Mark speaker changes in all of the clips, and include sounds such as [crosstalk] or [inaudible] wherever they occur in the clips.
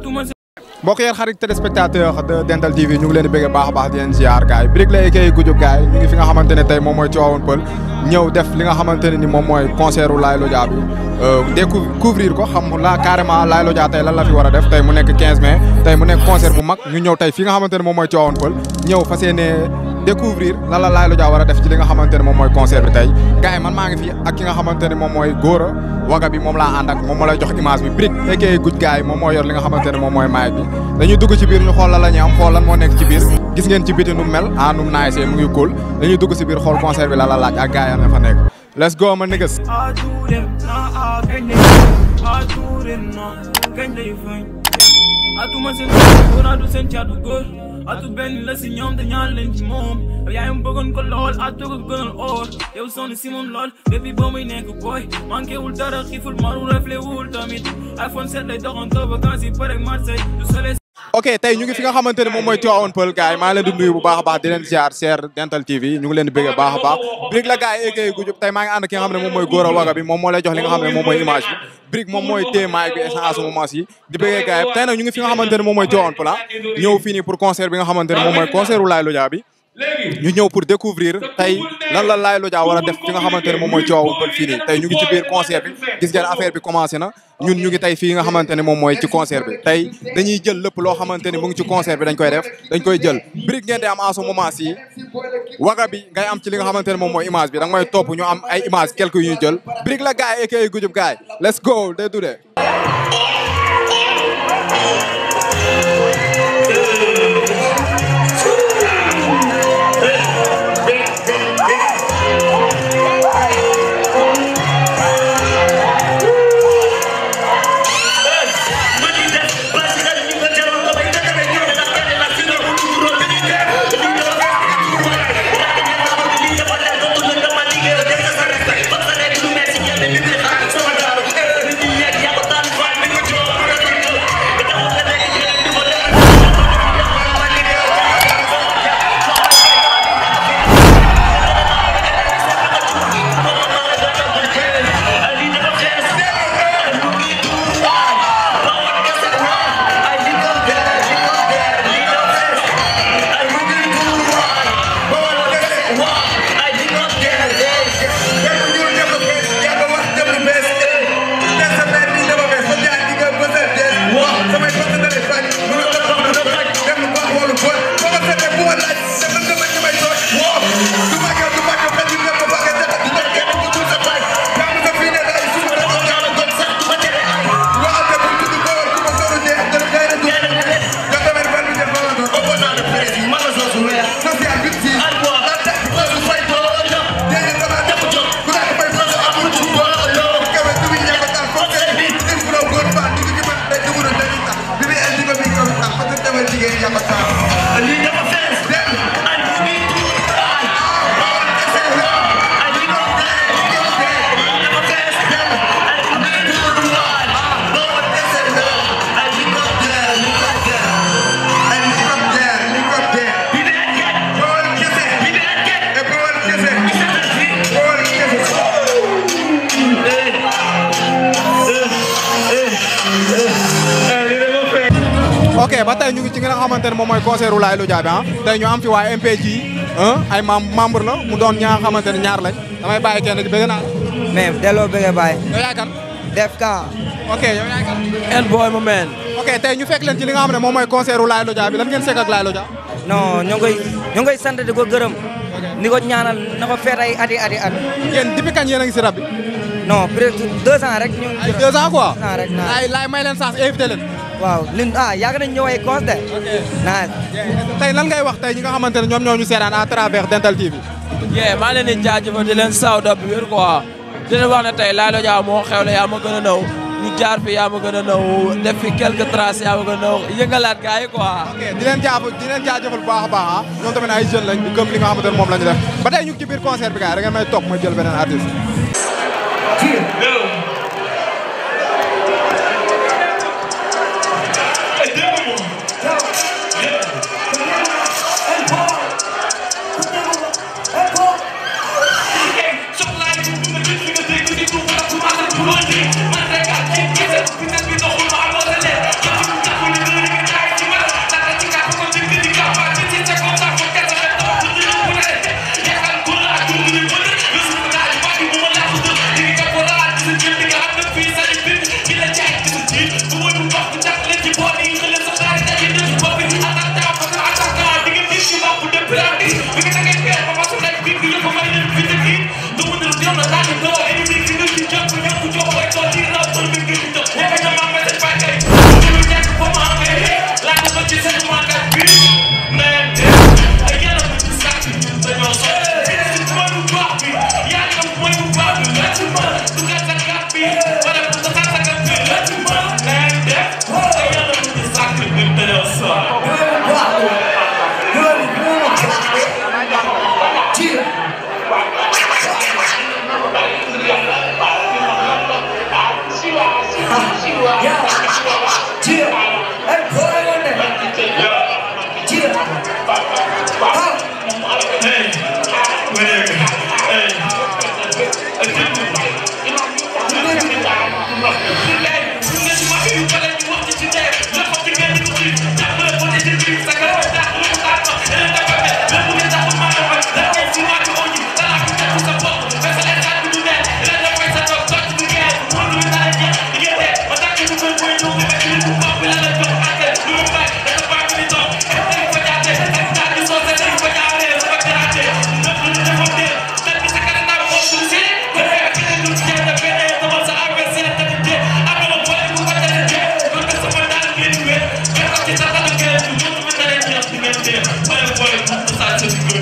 Speaker 1: tú me
Speaker 2: mbokk yéen xarit téléspectateur de Dental TV ñu ngi baax a baax di leen ziar gars Lay kay gujub gars yi fi nga xamante ne tey moom mooy Tivaouane Peulh ñëw def li nga xamante ne ni moom mooy concert u Laye Lodia bi euh, découvrir ko xam la carrément Laye Lodia tey fi war a def tey mu nekk 15 mai tey mu nekk concert bu mag ñu ñëw tey fi nga xamante ne moom mooy Tivaouane ñëw fas yéene découvrir lan la Laye Lodia a def ci li nga xamante ne moom mooy concert bi tey gars man maa fi ak ki nga xamante moo lay jox image bi Brick Lay moo yor li nga xamante ne moom mooy maay dañuy dugg ci biir ñu xool la la am xool lan moo nekk ci biir gis ngeen ci biti nu mel ah nu mu naayisee mu ngi kóol dañuy dugg si biir xool concert bi la la laaj ak gars yi fa nekk let's go ma niggas
Speaker 1: atuma seen atul benn la si ñoom te ñaan leen ci moom yaayam bëggoon ko lool atul ko gënal oor yow sonn si moom lool depuis ba muy nekk booy manqué wul dara xiiful maru reflé wul tamit iPhone 7 lay doxoon to vacances yi pare Marseille
Speaker 2: du soleil ok tey ñu ngi fi nga xamante ne moom mooy Tivaouane Peulh bu baax a baax di leen ziar Ser Dental TV ñu ngi leen di bëgg baax a baax Brick tey maa ngi ànd ki nga moom mooy Gora Waga bi moom moo lay jox image bi Brick moom mooy bi instant à ce moment ci di bëggee gars yi tey nag ñu ngi fi nga ah, bi nga xamante ne moom mooy ñu ñëw pour découvrir tey lan la Laye Lodia war a def fi nga xamante ne moom mooy Tivaouane Peulh fii tey ñu ngi ci biir concert bi gis ngeen bi commencé na ñun ñu ngi tey fii nga xamante ne moom mooy ci concert bi tey dañuy jël lépp loo xamante ne mu ngi ci concert bi koy def dañ koy jël brique ngeen di am en ce moment waga bi ngay am ci li nga xamante ne moom mooy image bi da nga may topp ñu am ay image quelques yu ñu jël brique la gaay ekay gujub gaay let's go day dude moom mooy concert u Laye Lodia bi ah tey ñu am fi waa MPG ah, ay membre la mu doon ñaa xamante ne ñaar lañ damay bàyyi kenn ci bëgg naa mais delloo bëgg bàyyi yow yaa kan def ka kan
Speaker 1: el boy mu meen
Speaker 2: ok ñu fekk leen ci li nga xam ne moom mooy concert u Laye Lodia bi lan ngeen sekk ak Laye Lodia non ñu ngi koy ko gërëm ni ko ñaanal na ko feet ay ati ati at yéen depuis kañ yéen a ngi si rab bi non peut-être deux ans rek ñu deux ans quoi ay laay may leen saas invité leen waaw lin ah yàgg nañ ñëw ay cons de. nan tey lan ngay wax tey ñi nga xamante ne ñoom ñoo ñu seetaan à travers Dental TV.
Speaker 1: yee maa leen di jaajëfal di leen saaw dab bi wér di leen wax ne tey Lalo Dia moo xew la yaa ma a naw ñu jaar fi yaa ma gën a naw def fi quelques traces yaa ma a
Speaker 2: di leen jaaf di leen jaajëfal baax a baax ah ñoom tamit ay jeunes lañ bu li nga xamante moom la ñu ba tey ñu ngi ci bi gars yi topp ma jël beneen artiste.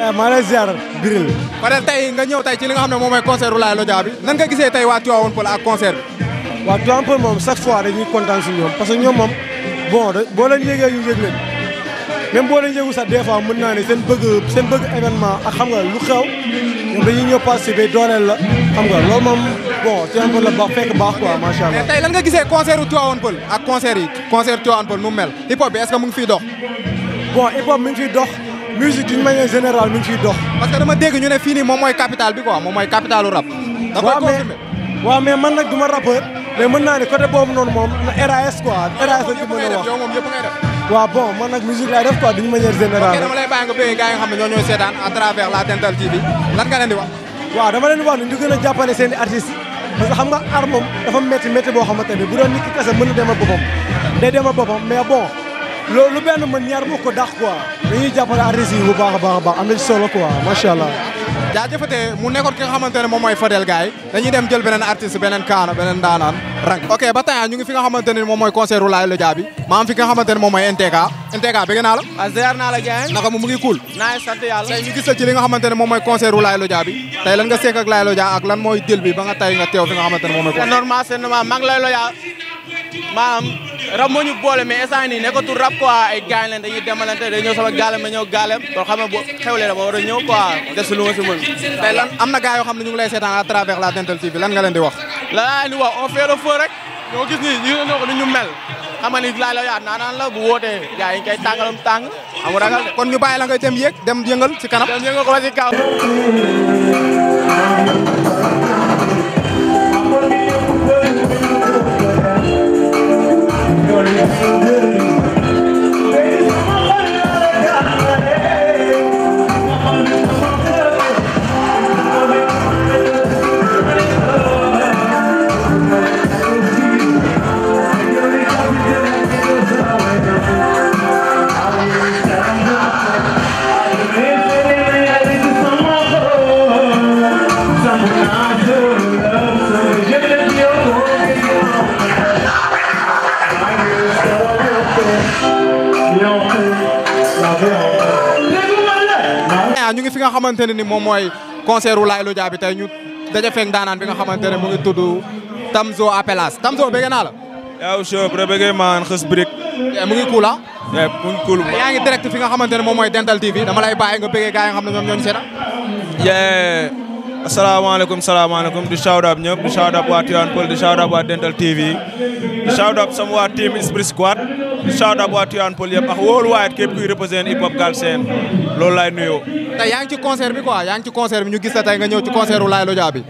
Speaker 2: Eh, maa lay ziar Biril. Fadel tey nga ñëw tey ci li nga xam ne moom mooy concert u nan nga gisee tey waa Tivaouane Peulh ak concert bi.
Speaker 3: waaw Tivaouane Peulh moom chaque fois dañuy kontaan si ñoom parce ñoom moom bon boo leen yëgee ñu yëg leen même boo leen yëgu sax des fois mën naa ne bëgg seen bëgg ak xam nga lu xew
Speaker 2: ñoom dañuy ñëw participer dooleel la xam nga loolu moom bon Tivaouane Peulh la baax fekk baax quoi macha allah. mais tey lan nga gisee concert u musique d'une manière générale mi ngi fiy dox. parce que dama dégg ne fii nii moom bi quoi moom mooy capitalu rap. da man nag du ma rappeur. mais mën naa ne côté noonu moom RAS quoi. RAS ak ki mën a wax yow moom bon man nag musique laay def quoi d'une manière générale. ok lay bàyyi nga béyee xam ne ñoo ñooy seetaan à travers la Dentale TV lan dama leen di wax ni ñu gën a jàppale seen i nga art dafa
Speaker 3: métti métti boo xamante loolu lu benn mën ñaar moo ko dàq quoi. dañuy jàppale artistes yi bu baax baax baax am na ci solo quoi macha
Speaker 2: mu nekkoon ki nga xamante ne moom mooy Fadel Gaye dañuy dem jël beneen artiste beneen kaana beneen daanaan rang ok ba tey fi nga xamante ne moom mooy concert u Laye Lodia bi ma am fi nga xamante ne moom mooy NTK naa la waaw ah, naa la Dieng naka mu mu ngi cool naa sant yàlla tey ñu gis la ci li nga xamante ne moom mooy concert u Laye Lodia bi tey lan nga seek ak Laye Lodia ak lan mooy rab moo ñu boole mais instant nii nekkatul rab quoi ay gaañ leen dañuy demalante day ñëw sama gàllam ma ñëw gàllam kon xam nga boo xewlee dama a ñëw quoi des lu ma si mën tey lan am na gars yoo xam ne ñu la Dental TV lan nga leen la laa ni wax on fait
Speaker 3: le feu rek ñoo gis ni ñu ne ni ñu mel xam nga ni laa la yaa
Speaker 2: naanaan la bu wootee yaa yi koy tàngalam amu ragal kon ñu bàyyi la ngay dem yéeg dem yëngal si kanam dem yëngal ko si kaw Oh. xamante ne ni moom mooy concert wu Lailou Dia bi tey ñu daje feeg daanaan bi nga xamante ne mu ngi tudd Tamzo Appellas Tamzo bëgg naa la. yow sure bro bëggee maan xës brick. Eh, mu ngi cool ah. ngi direct fi nga xamante ne moom mooy Dental TV dama lay bàyyi nga bëggee gars yi nga xam ne ñoom ñoo ñu seetal.
Speaker 3: asalaamaaleykum salaamaaleykum di shout out ñëpp di shout out waa Tivaouane Peulh di shout out waa Dental TV di shout out sama waa team Esprit yëpp ak wóolu waayet képp kuy représente hip hop Galsen loolu laay nuyoo
Speaker 2: tay yang ci concert bi quoi yang ci concert bi ñu gis tay nga ñew ci concert wu Laye Lodia bi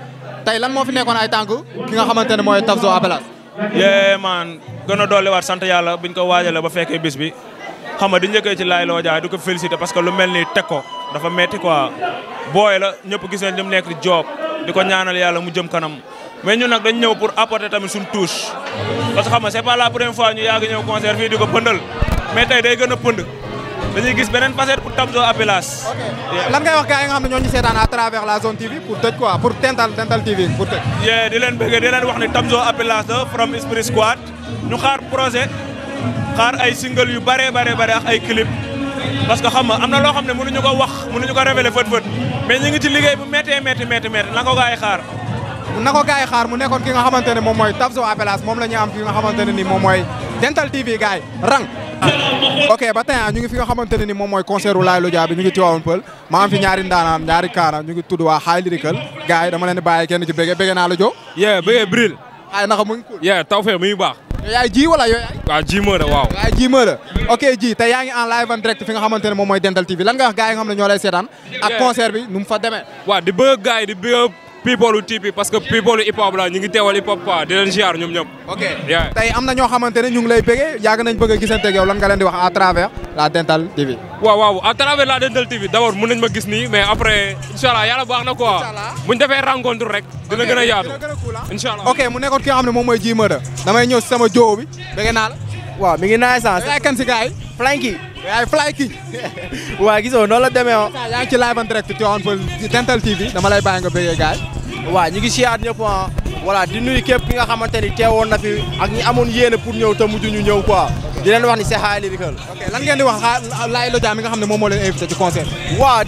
Speaker 2: lan mo fi nekkon ay tànk ki nga xamantene moy Tafzo
Speaker 3: Abalas. ye man gëna doli wat sante yalla buñ ko wajale ba fekke bis bi xam nga di njëkkee ci Laye Lodia di ko féliciter parce que lu melni ni ko dafa metti quoi boy la ñëpp gis na li nekk di job di ko ñaanal yalla mu jëm kanam. mais ñu nak dañ ñëw pour apporter tamit suñu touche parce que xam nga c'est pas la première fois ñu yaag ngi ñëw concert fii diko pëndal mais tay day gëna pënd. dañuy gis beneen facette pour Tabzo Appellas. lan ngay
Speaker 2: wax gars yi nga xam seetaan à la zone TV pour tëj quoi pour Dental TV
Speaker 3: yee di bëggee di wax ni Tabzo Appellas la from Esprit Squad ñu xaar projet xaar ay single yu bare bare bare ak ay clip parce que xam am na loo xam ne mënuñu ko wax mënuñu ko révéler fët fët mais ñu ngi ci liggéey bu méttee métti métti na ko xaar.
Speaker 2: na ko xaar mu nekkoon ki nga xamante ne moom mooy Tabzo Appellas moom la ñu am ki nga ne ni moom mooy ok ba tey ah, ñu fi nga xamante ne ni moom mooy concert wu Laye bi ñu ngi Tivaouane Peulh maa am fi ñaari ndaanaan ñaari kaana ñu ngi tudd waa High Lyrical gars dama leen di bàyyi ci bége naa la jo yee bége bril ay naka mu ngi cool yee tawfeex mu ngi baax yaay ji wala yooyu ji mën a waaw yaay ji mën a ok ji te yaa ngi en live en direct fi nga xamante ne moom mooy Dental TV lan nga xam ne ñoo lay seetaan ak concert bi nu fa demee
Speaker 3: waaw di bëgg gars di bëgg people lu tipi parce que people hip hop la ñu ngi téwal hip hop quoi di leen ziar ñom ñëpp. ok
Speaker 2: tay am na ñoo xamante ñu ngi lay bëggee yàgg nañ bëgg a gisanteeg yow lan nga leen di wax à travers la Dental TV. waaw waaw à travers la Dental TV d'abord abord mën nañ ma gis ni mais après inshallah yalla yàlla baax na quoi buñ défé defee rencontre rek. dina gëna yaatu ah. inshallah ok mu nekkoon ki xamne mom moy moom mooy ji ma damay ñëw sama joo bi bëgg naa la. waaw mi ngi naaj ah. sens. yaay kan si gars yi. Flanky. yaay Flanky. [laughs] waaw gisoo noonu la demee woon. Ah. yaa ngi ci live en direct Tivaouane Peulh Dental TV dama lay bàyyi nga bëggee gars yi. waaw ñu ngi siyaat ñëpp ah. voilà di nuyu képp ki nga xamante ni teewoon na ak ñi amoon yéene pour ñëw te mujj ñu ñëw quoi. di leen wax ni c'est highly lyrical. ok lan ngeen di wax ah, Laye Lodia mi nga xam ne moom moo leen invité ci concert.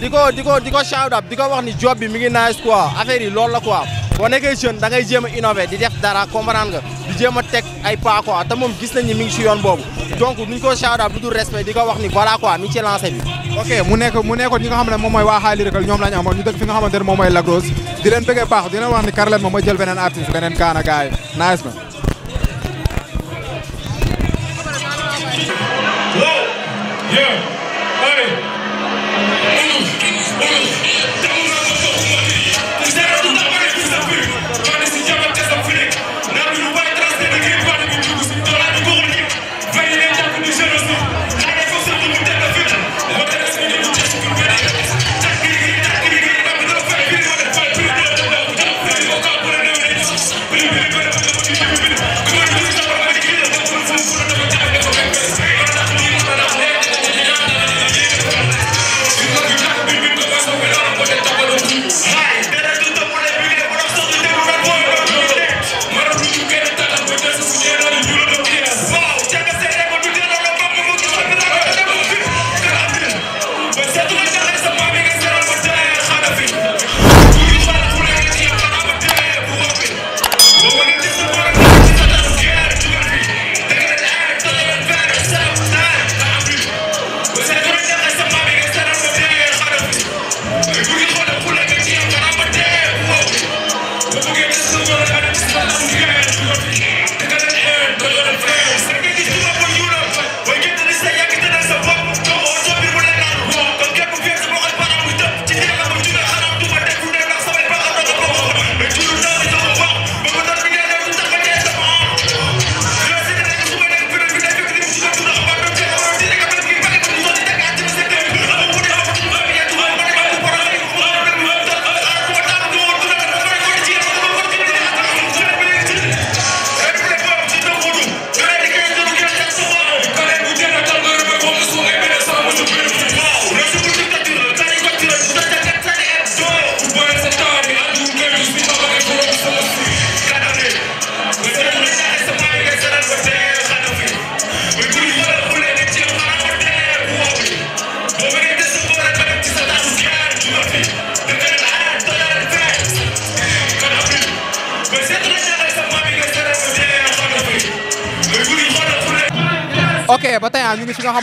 Speaker 2: di ko di ko di ko shout up ko wax ni job bi mi ngi nice quoi affaire yi loolu la quoi. boo nekkee jeune da ngay jema innover di def dara comprendre nga di jema tek ay pas quoi te mom gis nañ ni mi ngi ci yoon bobu donc nuñ ko shout out du respect diko wax ni voilà quoi mi ci lancer bi ok mu nekk mu nekkoon ñi nga xamne ne moy wa waa xaali ñom lañ amoon ñu dëkk fi nga xamantene ne moy lagros di len bëgge baax di len wax ni carlem mom ma jël benen artiste benen kana gaay nice man
Speaker 1: Yeah. Hey.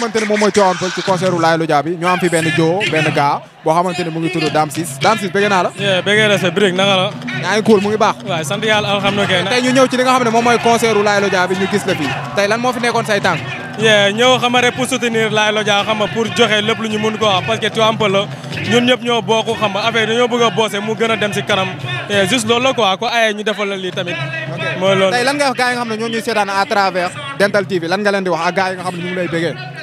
Speaker 2: xamante ne moom mooy Tivaouane Peulh ci concert u Laye Lodia bi ñu am fi benn joo benn gaa boo xamante ne mu ngi tudd Dame Ciss Dame Ciss bëgg naa la
Speaker 3: bëgg na sa birig naka la
Speaker 2: yaa ngi cool mu ngi baax
Speaker 3: waaw sant yàlla alhamdulilah tey
Speaker 2: ñu ñëw ci li nga xam ne moom mooy concert u Laye Lodia bi ñu gis la fii tey lan moo fi nekkoon say tànk
Speaker 3: ye ñëw xam nga rek pour soutenir Laye Lodia xam nga pour joxe lépp lu ñu mun ko wax parce que Tivaouane Peulh la ñun ñëpp ñoo bokk xam nga affaire dañoo bëgg a boose mu gën a dem si kanam te juste loolu la quoi ko ayee ñu defal la lii tamit mooy loolu tey lan
Speaker 2: nga wax gars yi nga xam ne ñoo ñuy seetaan à travers Dental TV lan nga leen di wax ak gars yi nga xam ne ñu ngi lay bégee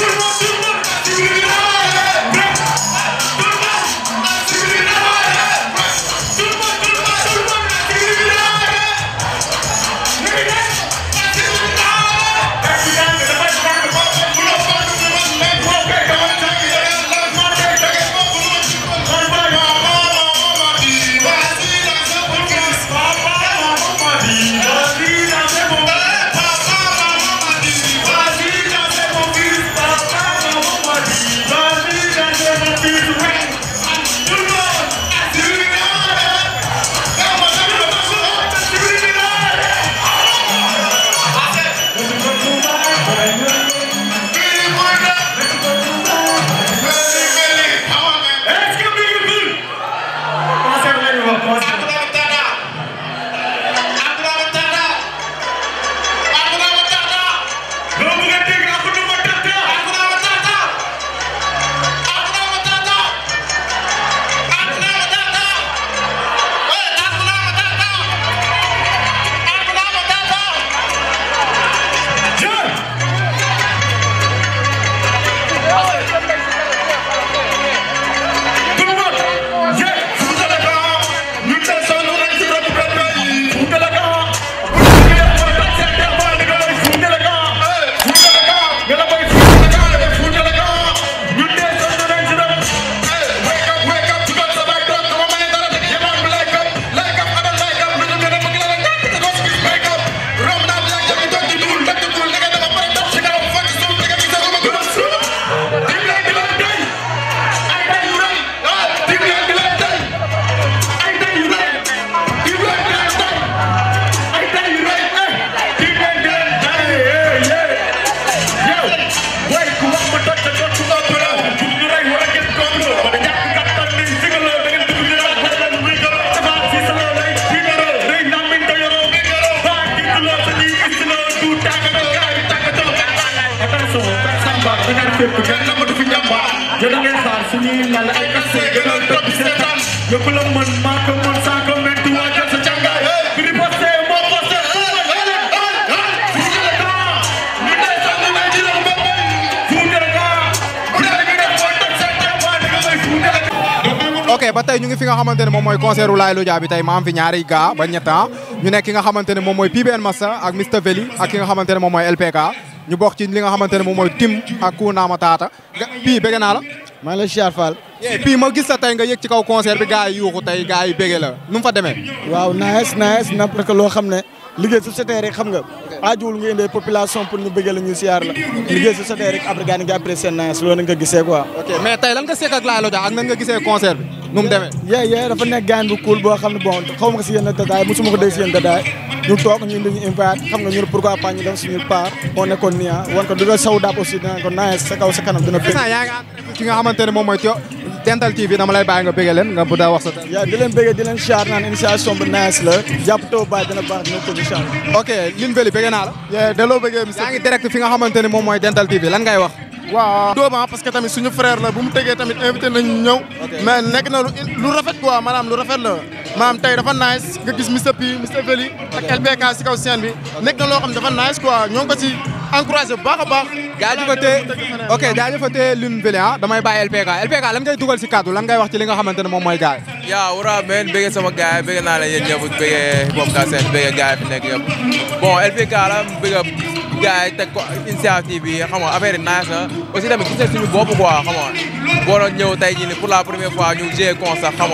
Speaker 3: Durma durma.
Speaker 1: fépp kenn amatu a ngi xaar suñuy lal ay a
Speaker 2: ok ba ñu ngi fi nga xamante ne moom mooy concert u Laye Lodia bi tey ma am fi ñaari gaa ba ñett ah. ñu nekk ki nga xamante ne moom mooy PBN Massa ak Mr Veli ak ki nga xamante ne moom mooy LPK ñu bokk ci li nga xamante ne moom mooy tim ak Kunaama Taata. pii bëgg naa la. maa ngi lay siyaar pii ma gis sa tey nga yeg ci kaw concert bi gars yi yuuxu tey gars yi bëgg la
Speaker 3: nu mu fa demee. waaw naa nice na parce que loo xam ne liggéey su setee rek xam nga aajuwul nga indee population pour ñu bëggee la ñuy siyaar la liggéey su après gaa ngi apprécié naas loolu nga
Speaker 2: gisee quoi. ok mais tey lan nga boo xam ne bon xaw ma ko si yenn détail mosuma ko dégg si yenn ñu toog ñu indi ñu invite xam nga ñu ne pourquoi pas ñu dem suñu part moo nekkoon nii ah wan ko du doon saw daap aussi dinañ ko sa kaw sa kanam dina. dina ki nga xamante ne moom mooy Dental TV dama lay bàyyi nga bëggee leen nga bu daa wax sa yaa di bëggee di leen naan initiation bu nice la jàpp taw bàyyi dina baax dina ko incha ok lin veli bëggee naa la yee daloo bëggee monsieur yaa ngi direct fi nga xamante ni moom mooy Dental TV ñëw mais nekk na lu rafet quoi maanaam lu rafet la maanaam tey dafa nice nga gis Mr P Mr Veli ak LBK si kaw scène bi nekk na loo xam dafa nice quoi ñoo ngi si encouragé bu baax a baax. jaajëfatee ok jaajëfatee Lune Bélé ah damay bàyyi LPK LPK lan ngay dugal si kaddu lan ngay wax ci li nga xamante ne moom mooy gars
Speaker 3: yi. yaa wura meen bëgg sama gars yi naa leen yéen ñëpp bëgg Bob Kassem bëgg gars yi fi nekk yëpp bon LPK la
Speaker 2: bëgg gars yi teg ko initiative bi xam nga affaire yi nice na aussi tamit gis nañ suñu bopp quoi xam ñëw tey jii nii pour la première fois ñu joué concert xam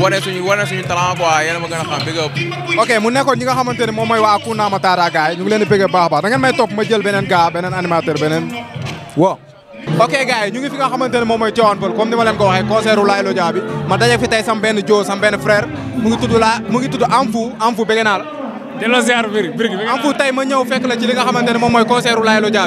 Speaker 2: wane suñu wane suñu talent quoi ma gën a xam big up ok mu nekkoon ñi nga xamante ne moom mooy waa Kunaama Taara gaay ñu ngi leen di bëgg baax baax da ngeen may topp ma beneen gaa beneen animateur beneen wo ok gars ñu ngi fi nga xamante ne moom mooy Tivaouane Peulh comme ni ma leen ko waxee concert u Laye Lodia bi ma daje fi tey sam benn joo sam mu ngi tudd laa mu ngi tudd Amfou Amfou bëgg naa la delloo ziar bir bir Amfou tey ma ñëw fekk la ci nga xamante ne moom mooy concert u Laye Lodia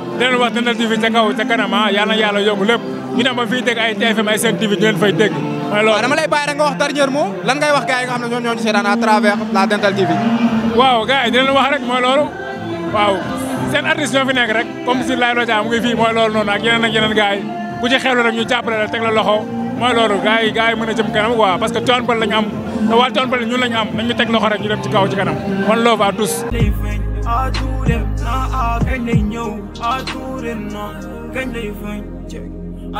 Speaker 3: leen wax Dentale TV ca kaw ca kanam ah yàlla na lépp ñu dem ba fiy dégg ay TFM ay Sen TV ñu leen fay dégg. mooy loolu
Speaker 2: dama rek nga wax dernier mot lan ngay wax gars nga xam ne ñoom ñoo ñu seetaan à TV.
Speaker 3: waaw gars yi wax rek mooy loolu waaw seen artiste ñoo fi nekk rek comme si Laye Loja ngi fii mooy loolu noonu ak yeneen ak yeneen ku ci xewlu rek ñu jàppale la teg loxo mooy loolu gars yi gars a jëm kanam quoi parce que Tivaouane Peulh lañ
Speaker 1: am te naa kenneenyoo haa tuurinnaa kenneefan jee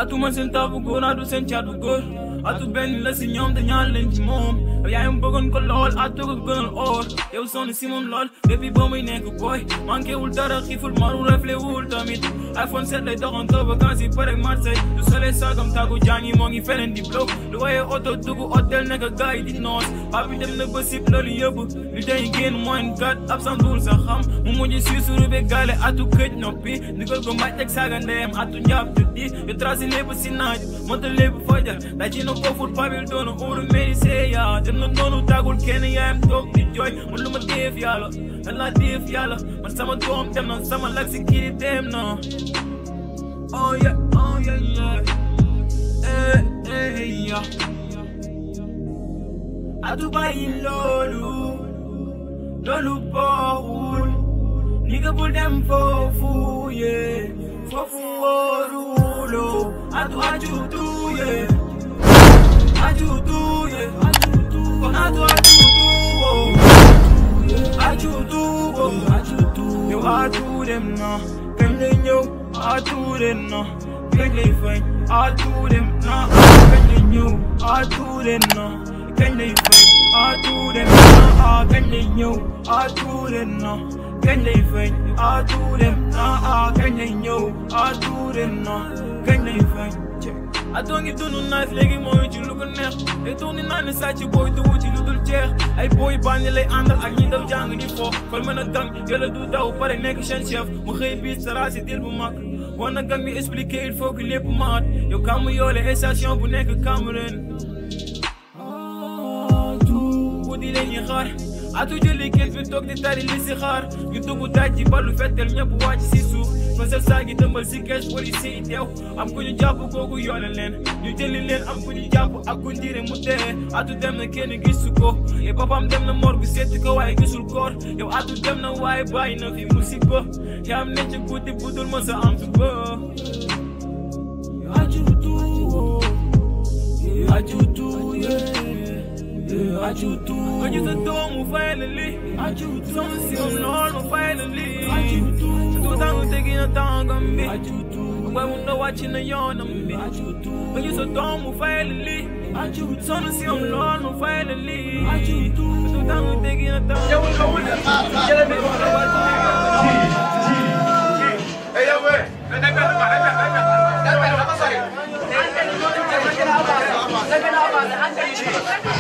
Speaker 1: atuma siltaa bugoon aduu senchaa dhugoor atu benni lasi nyaamta nyaalleen jimoom. Heb jij een bokken kolol, ato gugun or Eu son simon lol, baby bom in een boy Manke ul dara giful maru refle ul damit iPhone set le toch on to vakantie park Marseille Du sale sagam tagu jani mongi feren di blok Luaye auto dugu hotel nega guy di nos Papi dem ne besip loli yebu Lidei geen moin gat absam dul sa ham Mu moji sisuru be gale atu kej nopi Nikol go matek sagan dem atu njap tuti Yo trasi lebu sinaj, motel lebu fajar Dajino kofur pabil dono uru meri se ya انه دون وتاقول كيني يا ام دوك دي جوي قول له ما تضيف يالا يلا ضيف يالا ما نسمى دوم تمنا نسمى لك سكيري تمنا Oh yeah, oh yeah, yeah. Hey, eh, eh, hey, yeah. Adubai lolu, lolu bohul. Nigga pull them fofu, yeah. Fofu orulo, adu aju tu, yeah. Aju tu, yeah. I what you do, oh What you do, oh What do, you are to them now Pending you, are to them now Pending fine, are you, are to them now Pending fine, are you, are to them now can they find? I do them, ah, ah, can they know? I do them, ah, can they find? atoo ngi dund naas léegi mooy ci lu ko neex te tourné naa ne sàcc booy dugg ci lu dul jeex ay booy bànni lay àndal ak ñi daw jàng di fo kon mën a gang yàlla du daw pare nekk seen chef mu xëy biir sara si dil bu mag war na gang mi expliqué il faut que lépp maat yow kàmm yoole station bu nekk Cameroun guddi la ñuy xaar atu jëli kenn fi toog di tari li si xaar ñu dugg daaj ji ballu fettel ñëpp wàcc si suuf fësal saa gi dëmbal si kees polisi yi teew am ku ñu jàpp kooku yoole leen ñu jëli leen am ku ñu jàpp ak ku ndiire mu dee atu dem na kenn gisu ko et papam dem na morgue seeti ko waaye gisul koor yow atu dem na waaye bàyyi na si musiba yaa am ne ci guddi budul ma sa am suba ajutu ajutu ajutu mu finally ajutu some see on all mu finally ajutu to down taking a tongue on me ajutu when we no watching a yawn on me ajutu ajutu to mu finally ajutu some see on all mu finally ajutu to down taking a tongue yo yo yo get me on the watch Hey, yo, wey. Let me go. Let me go.
Speaker 2: Let me go. Let me go. Let me go. Let me go. Let me go.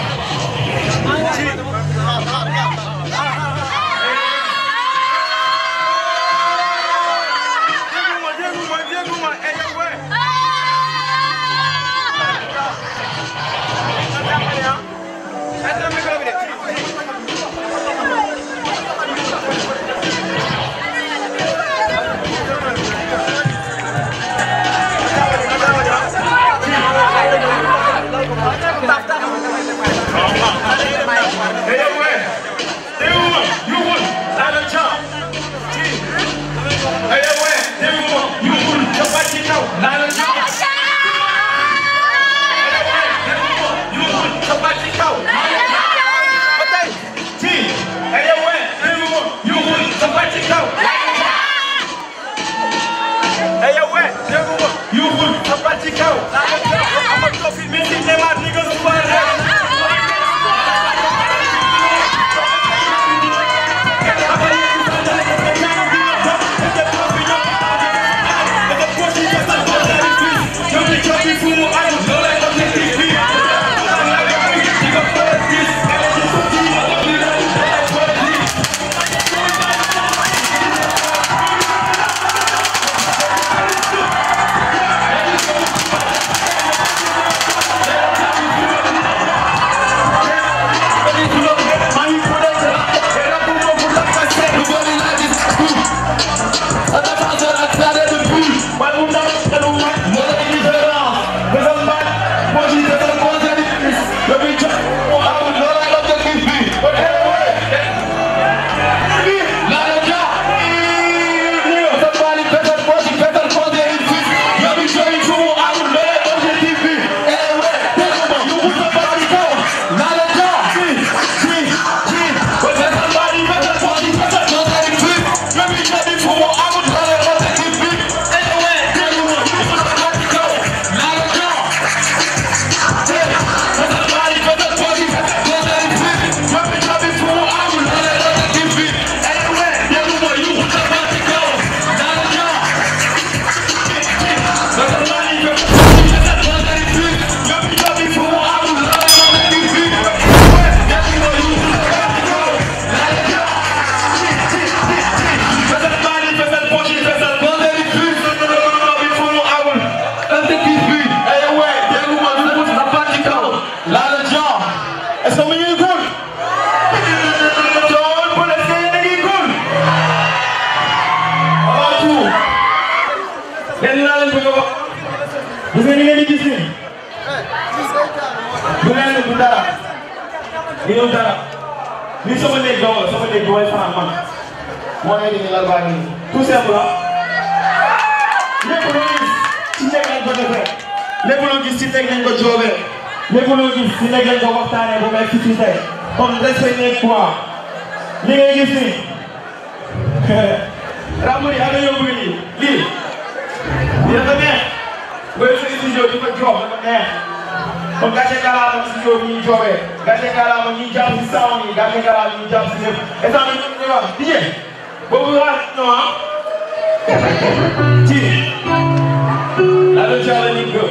Speaker 1: gis nag lañ ko waxtaanee bu may fii ci tey kon respect nekk quoi li ngay gis nii [laughs] Ramboudi ana yóbbu nii lii lii dafa neex booy suñu studio di ko jox dafa neex kon gàcce kalaama studio bi ñuy joobee gàcce kalaama ñuy jàpp si sound yi gàcce kalaama ñuy jàpp si lépp et ça ñu ñu wax DJ boobu wax non ah [laughs] ci la lu ci ala ni gëm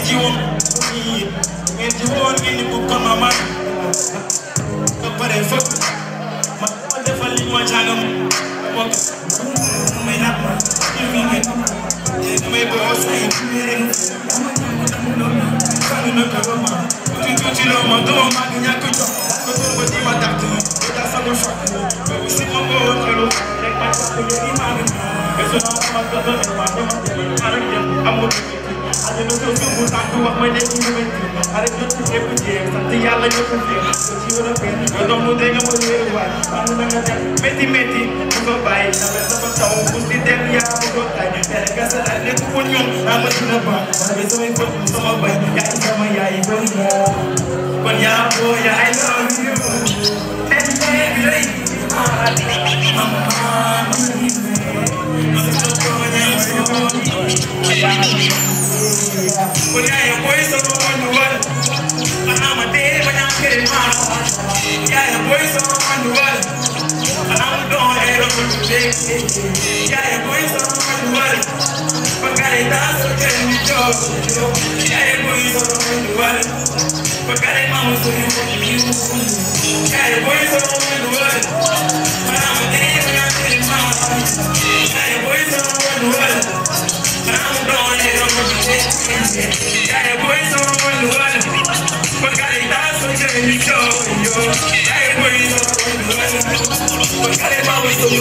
Speaker 1: ngeen ji woon ngeen ji woon ngeen ni buub kon ma man ba pare fëkk ma ma defal li ma jàngam ma ma may nag ma ñu ngi ngeen te damay boo say rek sànni na ko ma tuuti tuuti loo ma doo ma di ñàkk jox ko doon ba di ma dàq da sama choc ba si ma boo xelu rek ma ko ñu ni ma ngi ko sama ma ko ma ko ma ko amul I know you do what I do, I'm ready to do it. I didn't do it every year, something I like to do. But you know the pain, you don't know they're gonna do it. I'm gonna get meti meti, you go by it. I'm gonna tell you, who's the damn yeah, I'm gonna die. And I guess I let you put you, I'm gonna do the bar. I'm gonna do it for you, some of my yeah, it's my yeah, it's my yeah. But yeah, boy, I love you. And baby, lady, I'm I'm I'm I'm I'm I'm Kunyaya boys on the wall.
Speaker 3: Anama day, but I'm kidding my heart. Yaya boys
Speaker 1: on the wall. I'm doing it on the day. Yaya boys on the wall. But I am dance with them. Yaya boys.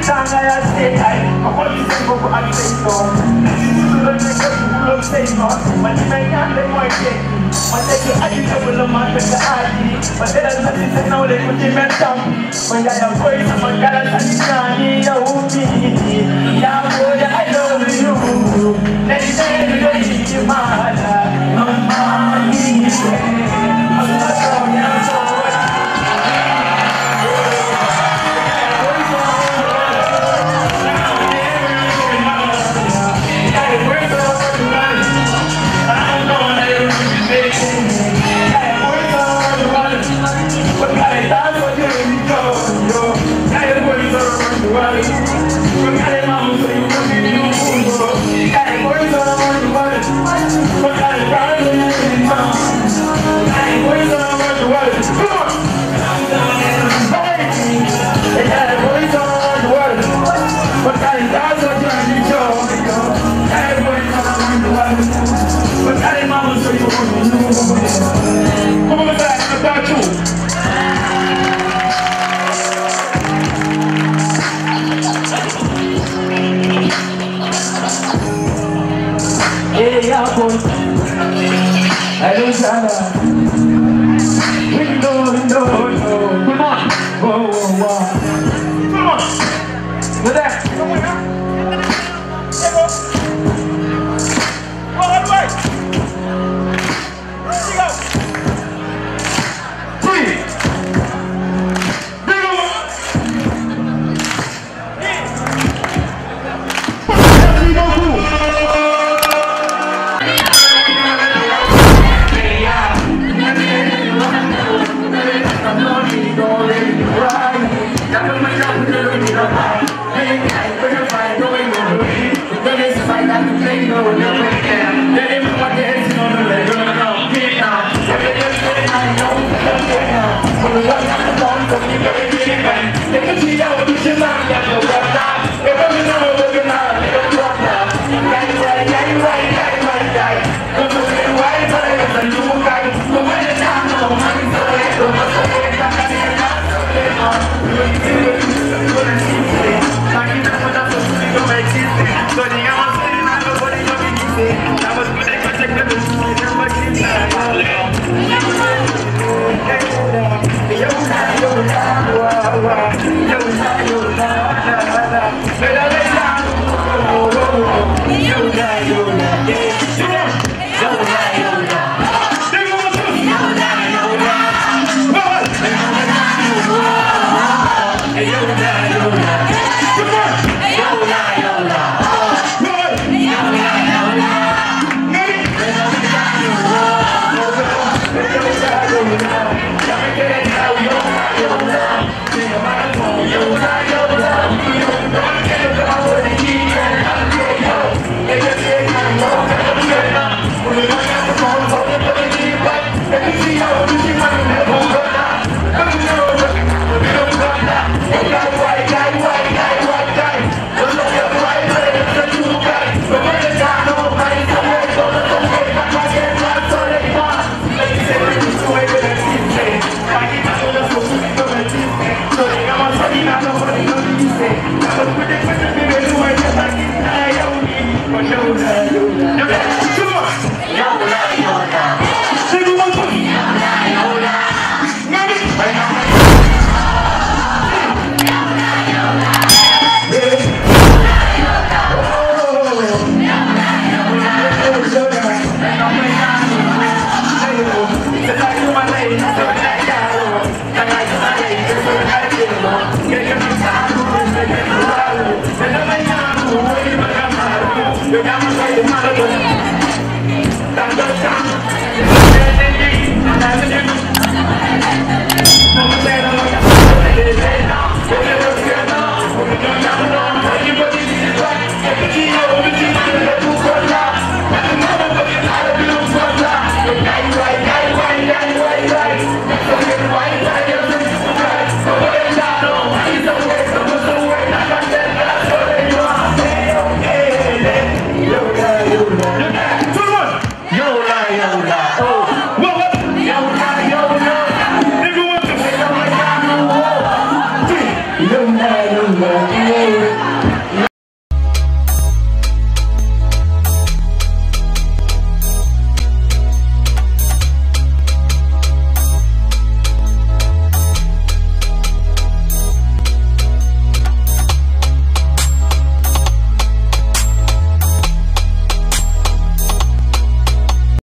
Speaker 1: stay tight. I am you to go for a day long. You will make a fool of stay long. When you do, I do double a month the But I'm not in the knowledge with the mental. When I am going to I'm not in the I